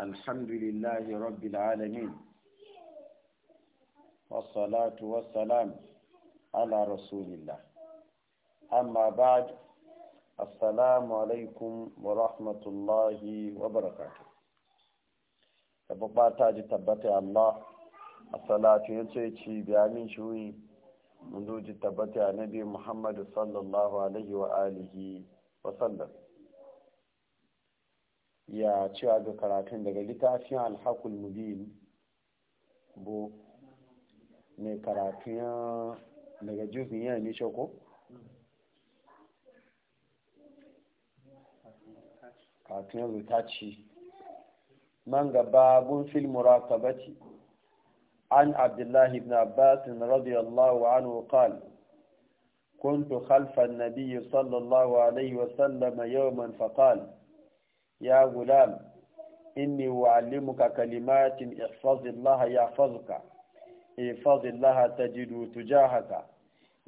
الحمد لله رب العالمين والصلاة والسلام على رسول الله أما بعد السلام عليكم ورحمة الله وبركاته tabbata ji tabbata Allah asalatu salatu ya ce ci bayanin shuyi mun zo ji tabbata nabi Muhammad sallallahu alaihi يا شو هذا كراتين ده قلت أشياء الحق المبين بو نكراتين نجوز نيا نيشوكو كراتين تشي من باب في المراقبة عن عبد الله بن عباس رضي الله عنه قال كنت خلف النبي صلى الله عليه وسلم يوما فقال يا غلام إني أعلمك كلمات احفظ الله يحفظك احفظ الله تجد تجاهك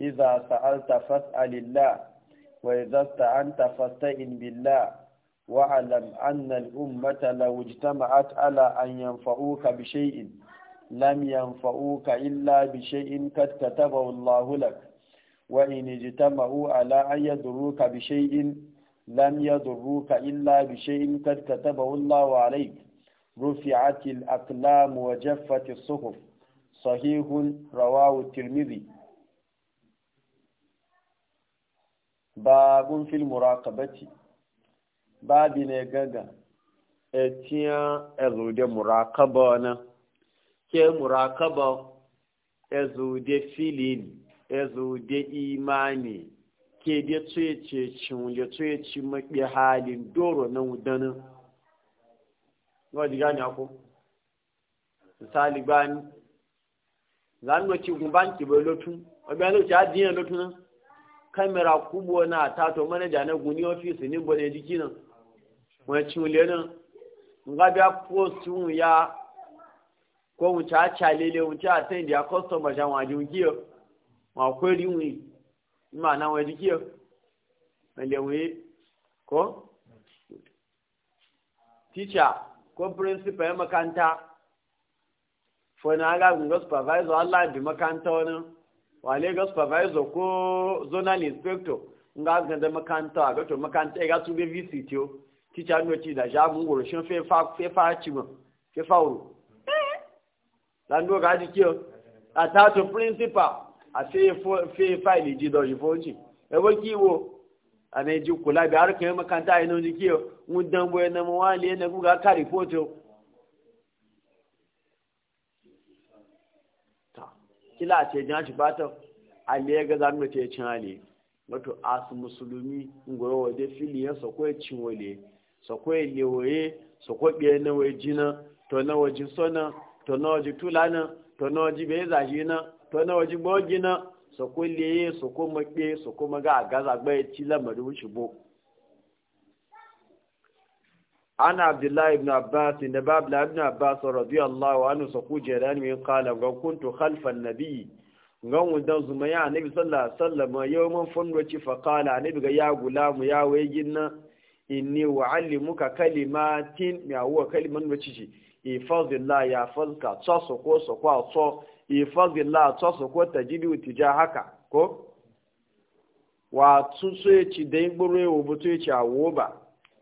إذا سألت فاسأل الله وإذا استعنت فاستئن بالله واعلم أن الأمة لو اجتمعت على أن ينفعوك بشيء لم ينفعوك إلا بشيء قد كتبه الله لك وإن اجتمعوا على أن يدروك بشيء lam yadurruka illa bi shay'in kad katabahu Allahu alayk رفعت الأقلام وجفت الصحف صحيح رواه الترمذي babun fil murakabati babi ne gaga etiya ezude murakaba na ke murakaba ezude filin ezude imani ke da tsaye ce cin da tsaye ci maɓi halin doro na wudanin wadda gani ako misali gani za mu ci gun banki bai lotun wabiyar lotun ya dina lotun nan kamera kubo na tato manaja na guni ofisi ni bane jiki nan wani cin lenin ngabiya postun ya ko wuce a cha lele wuce a sai da ya kosto mashan wajen giyar ma akwai riwuyi ma na wani jikiyar malewuye ko teacher ko principal ya makanta fona aga gunga supervisor allah bi makanta wani wale ga supervisor ko zonal inspector nga ganda makanta a gato makanta ya gasu be visit yo? teacher no ci da jamu goro shin fe fa fe fa ci ma fe fa dan eh? do ga a tato principal ase fe faili ji do ji foji e wo ki wo ana ji kula bi har kan makanta ina ji ki mu dan bo na mu wali na ku ga ka report ta kila ce jan shi bata ale ga zan mu ce cin ale wato as musulmi ngoro wa fili filiya so ko cin wale so ko lewoye so ko biye na jina, to na wajin sona to na waji tulana to na waji bai zaji na to na waje gina so ko leye so ko maƙe so ko maga a gaza gbai ci lamarin shi bo an abdullahi ibn abbas da babla ibn abbas radiyallahu anhu so ku jeran min qala ga kuntu khalfa an-nabi ngan wudan zuma ya annabi sallallahu alaihi wasallam yawman funwaci fa qala annabi ga ya gulamu ya waye gina inni wa'allimuka kalimatin ya huwa kaliman wacici ifadillah ya fazka tsaso ko so kwa tso ifazillah la su ko ja haka ko wa tutsu yaci da gburu yawo butu yaci a woba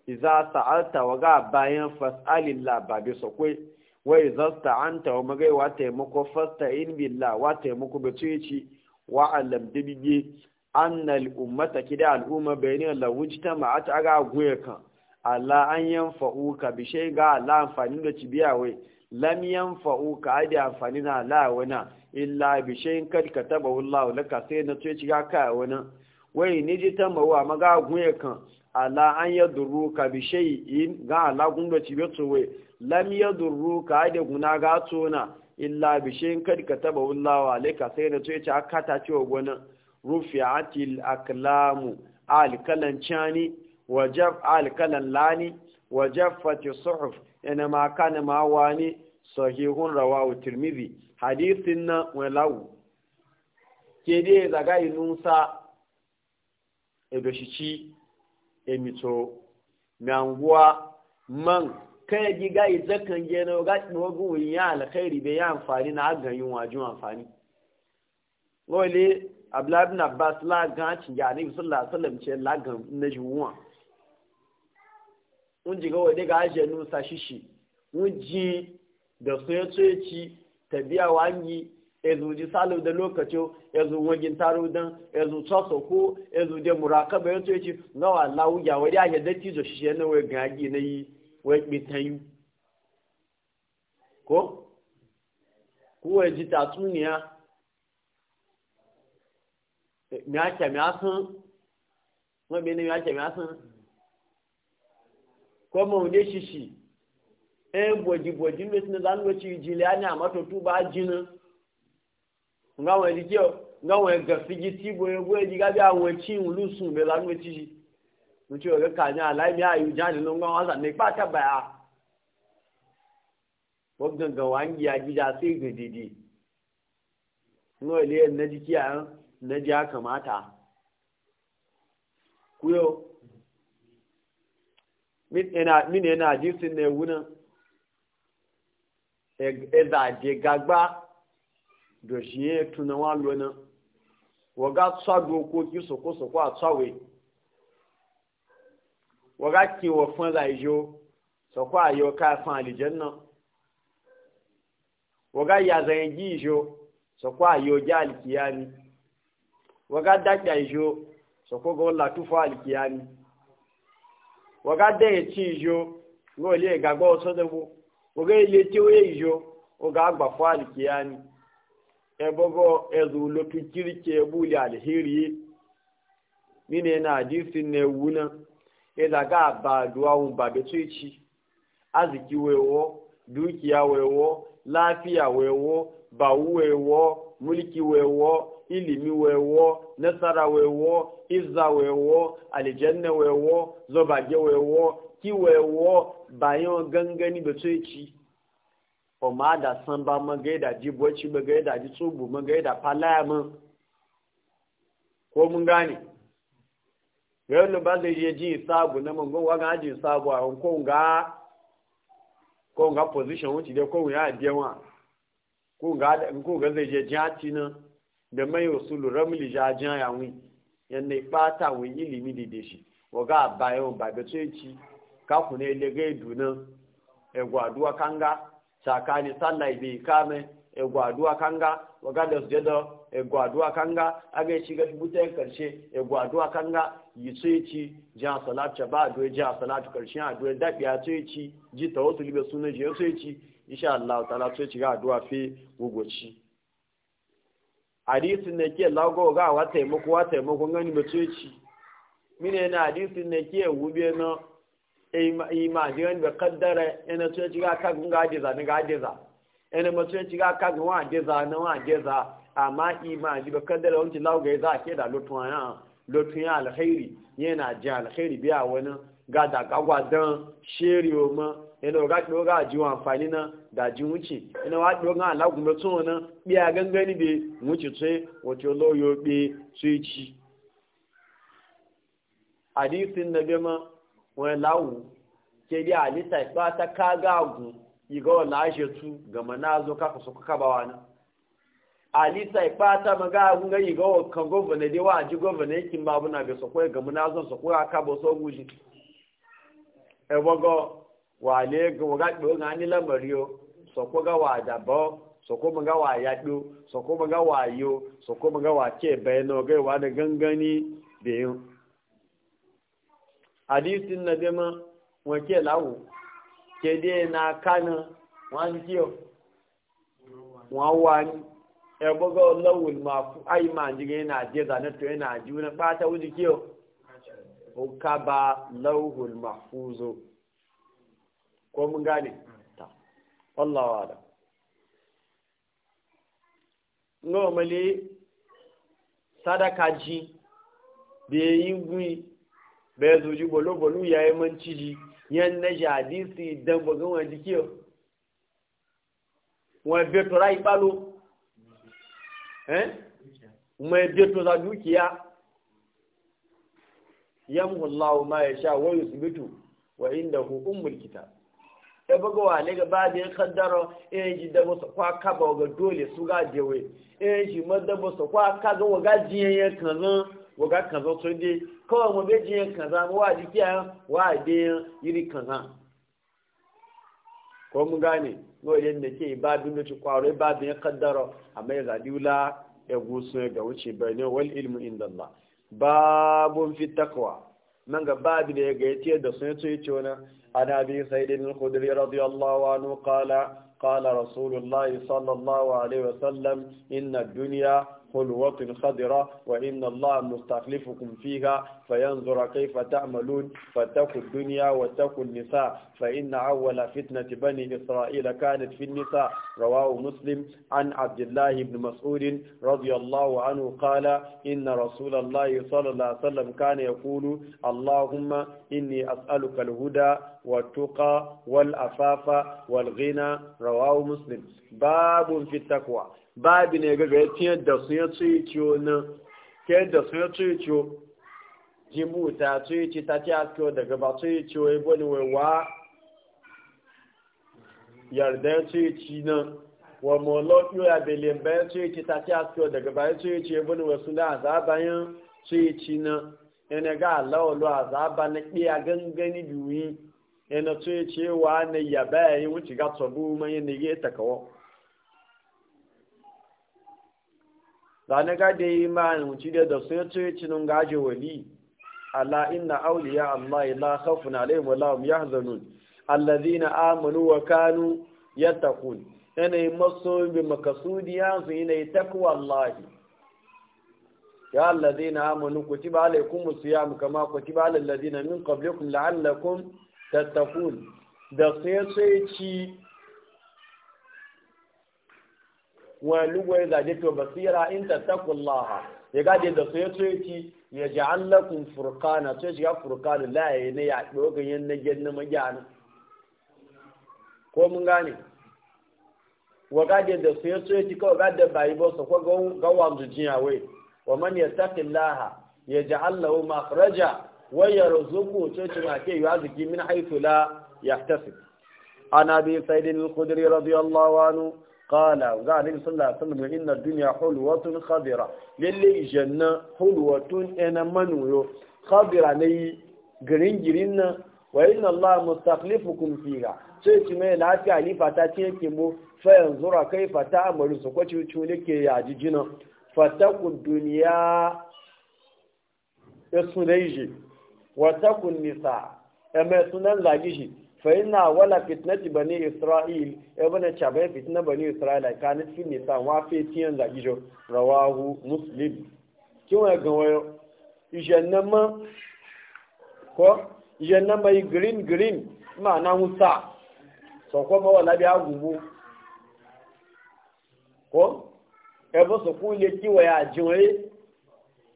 iza sa'alta wa ga bayan la ba bi sakwai wa iza sta'anta wa magai wa taimako fasta in la wa taimako butu ci wa alam dibiye annal ummata kida al'umma bayanin lahun ta ma'ata ga goye kan Allah an yanfa'uka bi shay ga Allah amfani da cibiya wai lam yanfa'u ka adi amfani na la wana illa bi shay'in kad katabahu Allah laka sai na ce ci ka wana wai ni ji ta mawa maga gunye kan ala an yadurru ka bi shay'in ga ala gun da ci beto wai lam yadurru ka adi guna ga tona illa bi shay'in kad katabahu Allah laka sai na ce ci aka ta ci wana rufi'atil aklamu alkalan chani wajab alkalan lani wajaffati suhuf ina ma ne ma wani sahihun rawahu tirmizi hadisin na walau ke dai daga inusa ebeshici emito nanguwa man kai ga izakan gena ga tsogun ya alkhairi bai ya amfani na agayin waju amfani wole abdullahi ibn abbas la ga ci ya ne sallallahu alaihi wasallam ce la ga na juwa mun ji gawa daga ajiyar nusa shishi mun ji da su ya tsoyaci tabiya wangi ya zuji salo da lokaci ya zu wagin taro don ya zu tsoso ko ya zu da murakaba ya tsoyaci nawa lawuya wani ake datti zo shi yana wai gagi na yi wai bitan ko kuwa ji tatsuniya mi ake mi asan wani bene mi ake mi asan ko maune shi shi ɗayan e, boji-boji ne suna zan wace jili ya ne a matutu ba jinin nga wọn di kyɛw nga wọn gasi gi ti bo ebo edi gabi awon ekyi wulu sun bɛ la nu ekyi yi nti o bɛ ka nya ala mi ayi gya ni no nga wọn sa ne kpa ata baa o gangan wa nyi agyigya se ga didi nga o lee nna di kia nna di akamata kuyo min yana hadisi na ewunan ezaje e gagba da shi ya tuna wa lona waga tsa ki soko-soko a tsawe waga kiwa fun raijo soko a yau kafin alijan nan waga yazayen gijo soko a yau ja alkiyani waga dakya ijo soko ga wallatufa alkiyani waga da ya ci ijo ga wale ga ga wasu da bu waga ile ti waye ijo waga agba fa alkiyani ebogo ezulo pikirike buli alheri nine na hadisi ne wuna ila ga ba duwa un ba be tuichi aziki wewo dukiya wewo lafiya wewo bawu wewo ilimi wewo nasara iza wewo izza alijanna aljanna wewo zobage wewo ki wewo bayan gangani da tsoci o ma da san ba magai da jiboci magai da jitsubu magai da palayamin ko mun gane yau ba zai yi jin sabu na mangon wa ga jin sabu a ko nga ko nga position wuce dai ko ya biyan wa ko nga ko ga zai je jin hati da mai wasulu ramli jajen yawon yadda ipata wa ilimi da da shi waga echi babatoci kakuna ilega idunan egwaduwa kanga tsakani sallah ibe kame egwaduwa kanga waga da sujada egwaduwa kanga aga echi ga butan karshe egwaduwa kanga yi so tsoyici jan salatu ba ji jan salatu karshe adoye so echi ji tawasul be sunan so echi insha Allah so echi ga aduwa fi gugoci hadisin da ke lagowa ga wa taimako wa taimakon gani ba ce mine na hadisin da ke wube na imaji gani ba kaddara yana ce ga kagun ga adiza ga adiza yana ma ci ga kagun wa adiza na wa adiza amma imaji ba kaddara wani lagowa ya za a ke da lotun ya alkhairi yana ji alkhairi biya wani ga da gagwa don ma yana ga doga ji wa amfani na da ji wuce yana wa doga ala na biya gangani be wuce tse wato be tsuci hadisin bi bema wani lawu ke bi alita ba ta kaga agun iga wa tu ga manazo kaka su ba wani ba ta ga kan wa ji babu na ga sakwai ga sakwai aka wale ga waga ɗo ga ni so ko ga wada ba so ko ga wa yaɗo so ko ga wayo so ko ga wa ke bayano ga wa da gangani da yin hadisin na dema wa ke lawo ke de na kana wani kiyo wa wani e bogo lawul ma ai ma jiga na je da na to e na wuji o mahfuzo ko mun gane ta wallahu alam normally sadaka ji be yingui be zuji bolo bolo yi man ciji yan na jadisi dan bugun wa dikiyo wa be to rai palo eh ma be to za dukiya yamhu Allah ma yasha wa yusbitu wa indahu ummul kitab e buga wale ga ba da ya kaddara e ji da musu kwa kaba ga dole su ga jewe e ji madda musu kwa kaga wa ga jiyan kanzan wa ga kanzan sun dai kawai mu bai jiyan kanzan wa ji kiya wa de yiri kanzan ko mun gane no yadda ke babin da ci kwaro babin ya kaddara amma ya zabi wula ya gusu ga wuce bayanin wal ilmu inda Allah babun fi takwa nan ga babi da ya gayyata da sun yi ce wani عن أبي سيد الخدري رضي الله عنه قال قال رسول الله صلى الله عليه وسلم إن الدنيا خلوة خضرة وإن الله مستخلفكم فيها فينظر كيف تعملون فاتقوا الدنيا واتقوا النساء فإن أول فتنة بني إسرائيل كانت في النساء رواه مسلم عن عبد الله بن مسعود رضي الله عنه قال إن رسول الله صلى الله عليه وسلم كان يقول اللهم إني أسألك الهدى والتقى والأفاف والغنى رواه مسلم باب في التقوى babi ne ga gaya tiyar da su ya tsoye ciyo nan da ta tsoye ci ta ci askiyo daga ba tsoye yarda tsoye ci nan wa mọlọ ya belin bayan tsoye ci tsoye wasu na azabayin tsoye ci nan yana ga alawalo azaba na ɗiya gangani biyu yana tsoye cewa na yaba yayin wuce ga tsobu mai yana kawo sani da yi ma'an mutu da da sai ce cinin gaje wali ala inna auliya amma ila khafun alaihim wa lahum yahzanun allazina amanu wa kanu yattaqun yana yi maso bi makasudiya su yana yi takwa allahi ya allazina amanu kutiba alaikum siyam kama kutiba alal ladina min qablikum la'allakum tattaqun da sai sai ci wani lugu ya zaje to basira in tattaqullaha ya gaje da sai to yake ya ja'al lakum furqana to shiga furqanu la ya ne ya dogan yan na genna magana ko mun gane wa gaje da sai to yake ko gaje bai yi so ko ga wamzu jiya wai wa man yattaqillaha yaj'al lahu makhraja wa yarzuqu to shi ma ke yaziki min haythu la yahtasib an abi sa'id al-khudri radiyallahu anhu qala ga annabi sallallahu alaihi wasallam inna dunya hulwatun khadira lalle janna hulwatun ena manuyo khadira ne garin girin nan wa inna allaha mustaqlifukum fiha sai ki mai lafiya ni fata ce ke mu fa yanzu ra kai fata amaru su kwaci ne ke yaji jina fataku dunya esunaiji wa takun nisa mai sunan lagiji faina wala fitnati bani isra'il ya bane cabai fitna bani isra'ila kanit fi nisa wa fe tiyan da ijo rawahu muslim kin wa ga wayo ijannama ko ijannama yi green green ma na musa so ko ma wala bi agubu ko e ku le ki wa ya jinwe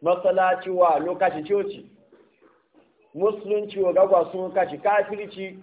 masalaci wa lokaci cioci musulunci wa gagwa sun kashi kafirci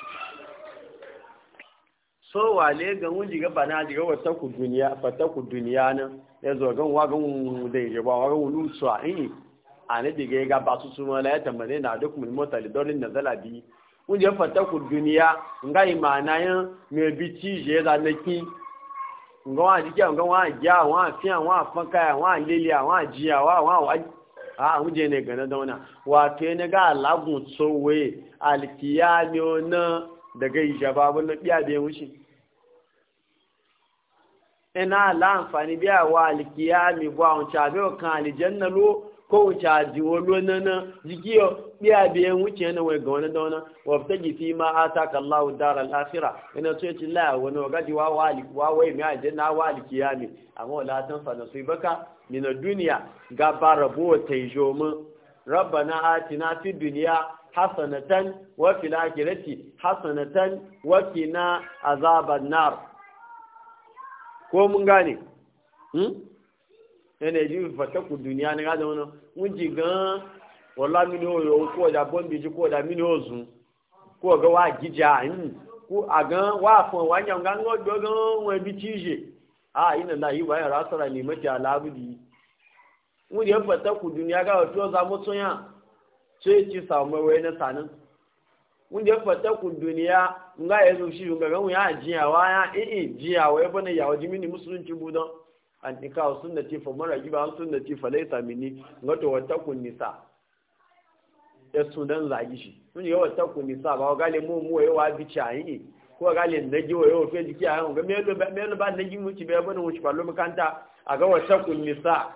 so le ga mun diga bana diga wata ku duniya fata ku duniya nan ya zo ga wa ga da ya ba wa gan lusu a ni a ne diga ga ba su su mala ya tambaye na duk mun mota lidorin na zala bi mun je fata ku duniya nga imana yan me bi ci je da na ki nga wa diga nga wa ja wa an wa ka wa le wa jiya wa wa a mun je ne ga na dauna ke ne ga lagun alkiya alkiyami na da gai jaba wani biya bai wuce ina la amfani biya wa alkiya mi bu awon ca bai wa kan alijanna lo ko wa ca ji wa lo na na jiki yo biya bai wuce yana wai ga wani da wani wa fita gifi ma a ta kallahu dara al'afira ina so yace la wani wa gadi wa wa alkiya wa wai mi wa alkiya mi amma wala tan fana su baka mina duniya gaba rabuwa ta yi jomi rabba na ati na fi duniya hasanatan wa fil akhirati hasanatan wa qina azaban nar ko mun gane hmm ene ji fata ku duniya ne ga zama mun ji gan wala mini oyo ko da bombi ji ko da mini ozu ko ga wa gija hin hmm? ko a gan wa fun wa nyan gan go do gan wa bi ci tije a ina la yi wa ya rasara ne mata labudi mun ji fata ku duniya ga to za mu tsoyan sai ci samu wai na sanin mun je ku duniya nga ya yanzu shi ga mun ya wa ya ee jiyawa ya bane yawa jimini musulunci budan an tika sunnati fa mara giba sunnati fa laysa minni ngato wata ku nisa ya sunan zagi shi mun je ku nisa ba le mu mu wai wa bi chayi ko le naji wa yo fe jiki ayan ga melo ba melo ba naji mu ci ba ne mu ci ballo makanta aga ku nisa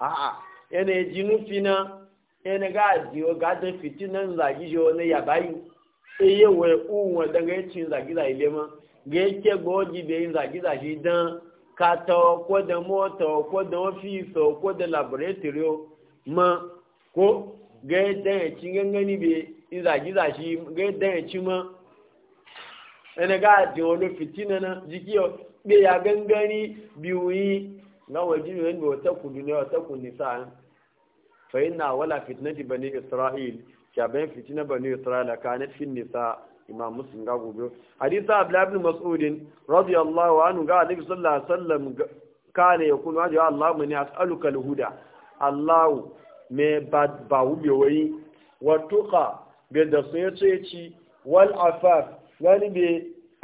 a a yana jinu fina ene ga jiwo ga da fitinan zagi jiwo ne ya bayu eye we uwa da ga cin zagi da ile ma ga yake goji be yin zagi da shi dan ka ta ko da mota ko da office ko da laboratory ma ko ga da ya cin be yin zagi da shi ga da ya ma ene ga jiwo lo fitina na jikiyo be ya gangani biyu yi na wajen yin wata kudu ne wata kudu sa'an fa inna wala fitnati bani isra'il ya bayan fitina bani isra'il kanat fi nisa imam muslim ga gobe hadisi abdullah ibn mas'ud radiyallahu anhu ga annabi sallallahu alaihi wasallam kana yakunu ya allah mani as'aluka alhuda allah me bad bawu be wayi wa tuqa be da sai ci wal afaf wani be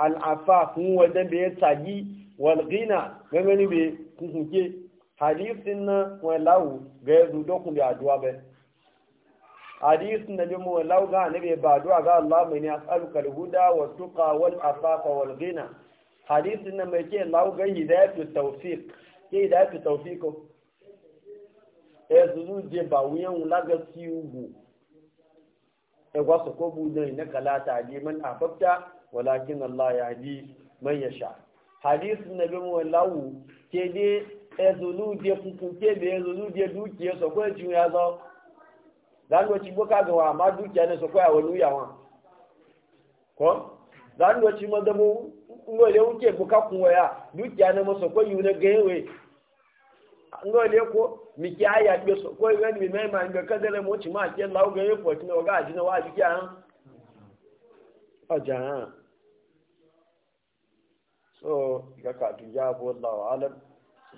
al afaf mu wadan be tagi wal ghina gani be kuhuke hadisin na wani lawu ga ya zudo kun bi addu'a bai hadisin na limu wani lawu ga anabi ba addu'a ga Allah mai ne as'alukal huda wa tuqa wal afafa wal ghina hadisin na mai ke lau ga hidayatu tawfiq ke hidayatu tawfiq e zuzu je ba wuyan laga tiugo e wasu ko budan na kala ta di man afafta walakin Allah ya di man yasha hadisin na limu wa lau ke dai ezoludie kuku kebe ezoludie dukiya sokwe ju ya zo dan wace boka ga wa ma dukiya a wani yawa ko dan wace ma da mu ngo le uke boka kun waya dukiya na mo sokwe yu ne gewe ngo le ko mi ki aya gbe sokwe ma ga kadele mo ci ma ke lawo ga ye ko ga ji ne wa ji ha. so ga ka